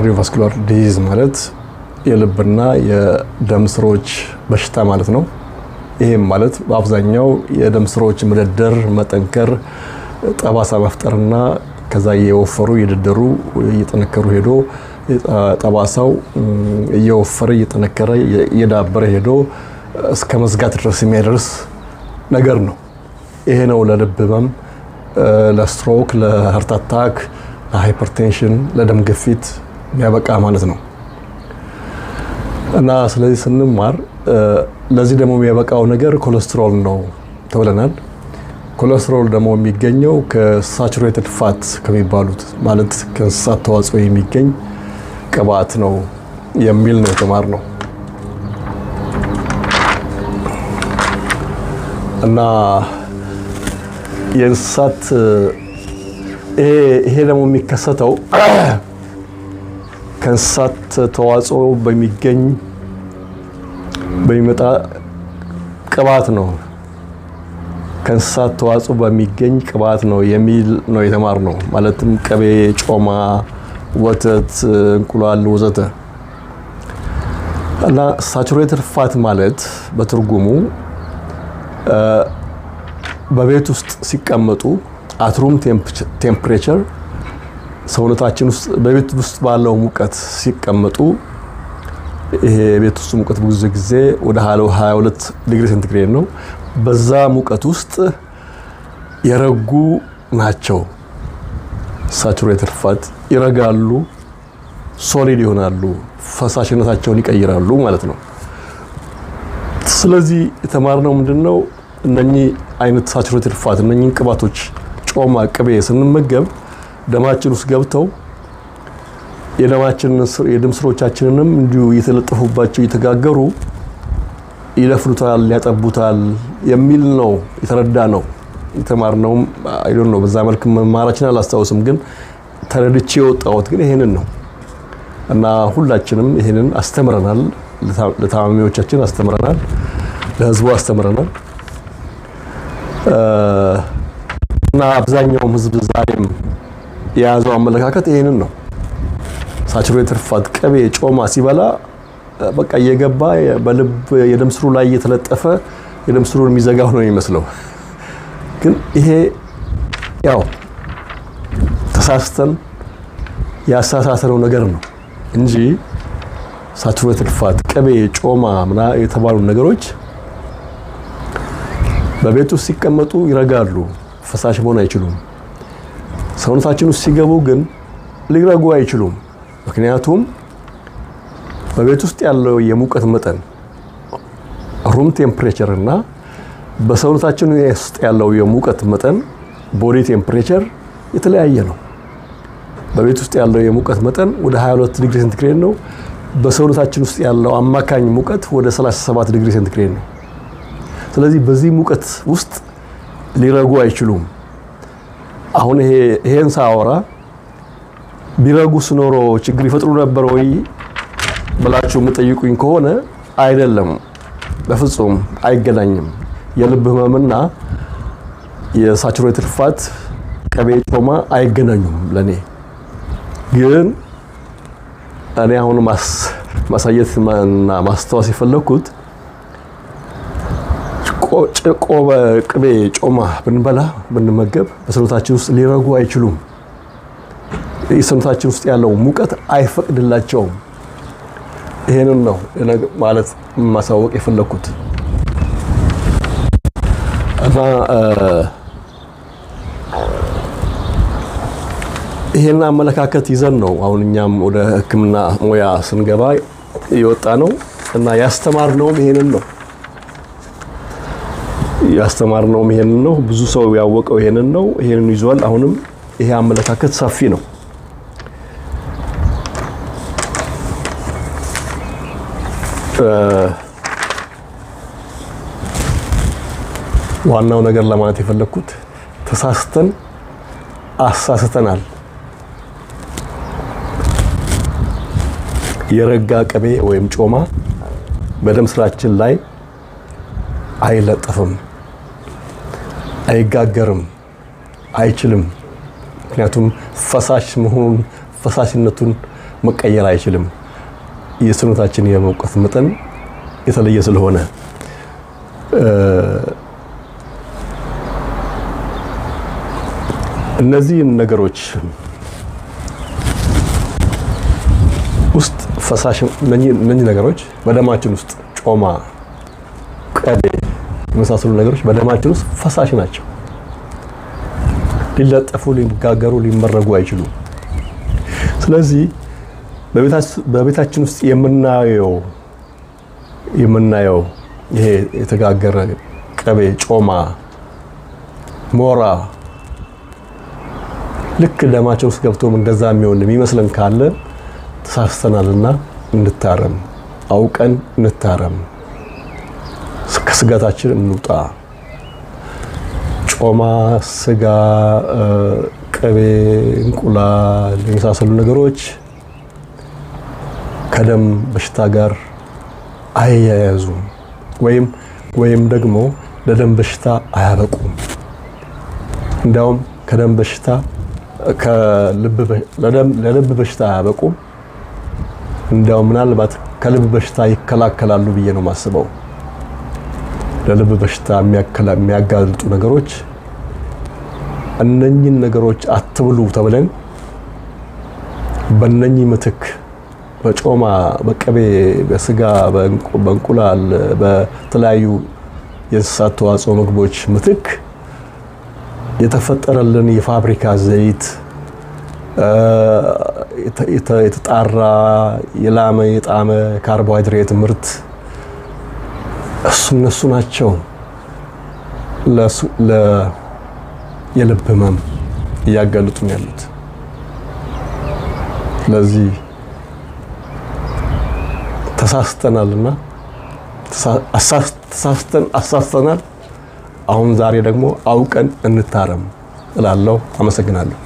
ካርዲዮቫስኩላር ዲዚዝ ማለት የልብና የደም ስሮች በሽታ ማለት ነው። ይህም ማለት በአብዛኛው የደም ስሮች መደደር፣ መጠንከር፣ ጠባሳ መፍጠርና ከዛ እየወፈሩ እየደደሩ እየጠነከሩ ሄዶ ጠባሳው እየወፈረ እየጠነከረ እየዳበረ ሄዶ እስከ መዝጋት ድረስ የሚያደርስ ነገር ነው። ይሄ ነው ለልብ ህመም፣ ለስትሮክ፣ ለሀርት አታክ፣ ለሃይፐርቴንሽን፣ ለደም ግፊት የሚያበቃ ማለት ነው እና ስለዚህ ስንማር ለዚህ ደግሞ የሚያበቃው ነገር ኮሌስትሮል ነው ተብለናል። ኮሌስትሮል ደግሞ የሚገኘው ከሳቹሬትድ ፋት ከሚባሉት ማለት ከእንስሳት ተዋጽኦ የሚገኝ ቅባት ነው የሚል ነው የተማርነው። እና የእንስሳት ይሄ ደግሞ የሚከሰተው ከእንስሳት ተዋጽኦ በሚገኝ በሚመጣ ቅባት ነው ከእንስሳት ተዋጽኦ በሚገኝ ቅባት ነው የሚል ነው የተማር ነው። ማለትም ቅቤ፣ ጮማ፣ ወተት፣ እንቁላል ወዘተ እና ሳቹሬትድ ፋት ማለት በትርጉሙ በቤት ውስጥ ሲቀመጡ አትሩም ቴምፕሬቸር ሰውነታችን ውስጥ በቤት ውስጥ ባለው ሙቀት ሲቀመጡ ይሄ የቤት ውስጥ ሙቀት ብዙ ጊዜ ወደ 22 ዲግሪ ሴንቲግሬድ ነው። በዛ ሙቀት ውስጥ የረጉ ናቸው። ሳቹሬትድ ፋት ይረጋሉ፣ ሶሊድ ይሆናሉ፣ ፈሳሽነታቸውን ይቀይራሉ ማለት ነው። ስለዚህ የተማርነው ምንድነው? እነኚህ አይነት ሳቹሬትድ ፋት እነኚህን ቅባቶች ጮማ፣ ቅቤ ስንመገብ ደማችን ውስጥ ገብተው የደማችንን የደም ስሮቻችንንም እንዲሁ እየተለጠፉባቸው እየተጋገሩ ይለፍሉታል ያጠቡታል የሚል ነው የተረዳ ነው የተማርነውም አይዶን ነው። በዛ መልክ መማራችን አላስታውስም፣ ግን ተረድቼ የወጣሁት ግን ይሄንን ነው እና ሁላችንም ይሄንን አስተምረናል፣ ለታማሚዎቻችን አስተምረናል፣ ለህዝቡ አስተምረናል እና አብዛኛውም ህዝብ ዛሬም የያዘው አመለካከት ይሄንን ነው። ሳቹሬትድ ፋት ቅቤ ጮማ ሲበላ በቃ እየገባ በልብ የደም ስሩ ላይ እየተለጠፈ የደም ስሩን የሚዘጋው ነው የሚመስለው። ግን ይሄ ያው ተሳስተን ያሳሳተነው ነገር ነው እንጂ ሳቹሬትድ ፋት ቅቤ፣ ጮማ ምና የተባሉ ነገሮች በቤት ውስጥ ሲቀመጡ ይረጋሉ፣ ፈሳሽ መሆን አይችሉም። ሰውነታችን ውስጥ ሲገቡ ግን ሊረጉ አይችሉም። ምክንያቱም በቤት ውስጥ ያለው የሙቀት መጠን ሩም ቴምፕሬቸር እና በሰውነታችን ውስጥ ያለው የሙቀት መጠን ቦዲ ቴምፕሬቸር የተለያየ ነው። በቤት ውስጥ ያለው የሙቀት መጠን ወደ 22 ዲግሪ ሴንቲግሬድ ነው። በሰውነታችን ውስጥ ያለው አማካኝ ሙቀት ወደ 37 ዲግሪ ሴንቲግሬድ ነው። ስለዚህ በዚህ ሙቀት ውስጥ ሊረጉ አይችሉም። አሁን ይሄን ሳወራ ቢረጉስ ኖሮ ችግር ይፈጥሩ ነበር ወይ ብላችሁ የምጠይቁኝ ከሆነ አይደለም፣ በፍጹም አይገናኝም። የልብ ህመምና የሳቹሬትድ ፋት ቅቤ ጮማ አይገናኙም። ለኔ ግን እኔ አሁን ማሳየትና ማስታወስ የፈለኩት ጭቆ በቅቤ ጮማ ብንበላ ብንመገብ በሰውነታችን ውስጥ ሊረጉ አይችሉም። ሰውነታችን ውስጥ ያለው ሙቀት አይፈቅድላቸውም። ይሄንን ነው ማለት ማሳወቅ የፈለኩት እና ይሄን አመለካከት ይዘን ነው አሁን እኛም ወደ ሕክምና ሙያ ስንገባ የወጣ ነው እና ያስተማርነውም ይሄንን ነው። ያስተማርነውም ይሄንን ነው። ብዙ ሰው ያወቀው ይሄንን ነው። ይሄንን ይዟል። አሁንም ይሄ አመለካከት ሰፊ ነው። ዋናው ነገር ለማለት የፈለኩት ተሳስተን አሳስተናል። የረጋ ቅቤ ወይም ጮማ በደም ስራችን ላይ አይለጥፍም። አይጋገርም፣ አይችልም። ምክንያቱም ፈሳሽ መሆኑን ፈሳሽነቱን መቀየር አይችልም። የሰውነታችን የመውቀት መጠን የተለየ ስለሆነ እነዚህን ነገሮች ውስጥ ፈሳሽ እነኚህ ነገሮች በደማችን ውስጥ ጮማ የመሳሰሉ ነገሮች በደማችን ውስጥ ፈሳሽ ናቸው። ሊለጠፉ፣ ሊጋገሩ፣ ሊመረጉ አይችሉም። ስለዚህ በቤታችን ውስጥ የምናየው የምናየው ይሄ የተጋገረ ቅቤ፣ ጮማ፣ ሞራ ልክ ደማቸው ውስጥ ገብቶም እንደዛ የሚሆን የሚመስለን ካለ ተሳስተናልና እንታረም፣ አውቀን እንታረም። ከስጋታችን እንውጣ። ጮማ፣ ስጋ፣ ቅቤ፣ እንቁላል የመሳሰሉ ነገሮች ከደም በሽታ ጋር አያያዙም ወይም ወይም ደግሞ ለደም በሽታ አያበቁም። እንዲያውም ከደም በሽታ ለልብ በሽታ አያበቁም። እንዲያውም ምናልባት ከልብ በሽታ ይከላከላሉ ብዬ ነው የማስበው። ለልብ በሽታ የሚያጋልጡ ነገሮች እነኚህን ነገሮች አትብሉ ተብለን በእነኚህ ምትክ በጮማ፣ በቅቤ፣ በስጋ፣ በእንቁላል፣ በተለያዩ የእንስሳት ተዋጽኦ ምግቦች ምትክ የተፈጠረልን የፋብሪካ ዘይት የተጣራ የላመ የጣመ ካርቦሃይድሬት ምርት እሱ እነሱ ናቸው የልብ ህመም ነው ያሉት። ስለዚህ ተሳስተናልና ተሳስተን አሳስተናል። አሁን ዛሬ ደግሞ አውቀን እንታረም እላለሁ። አመሰግናለሁ።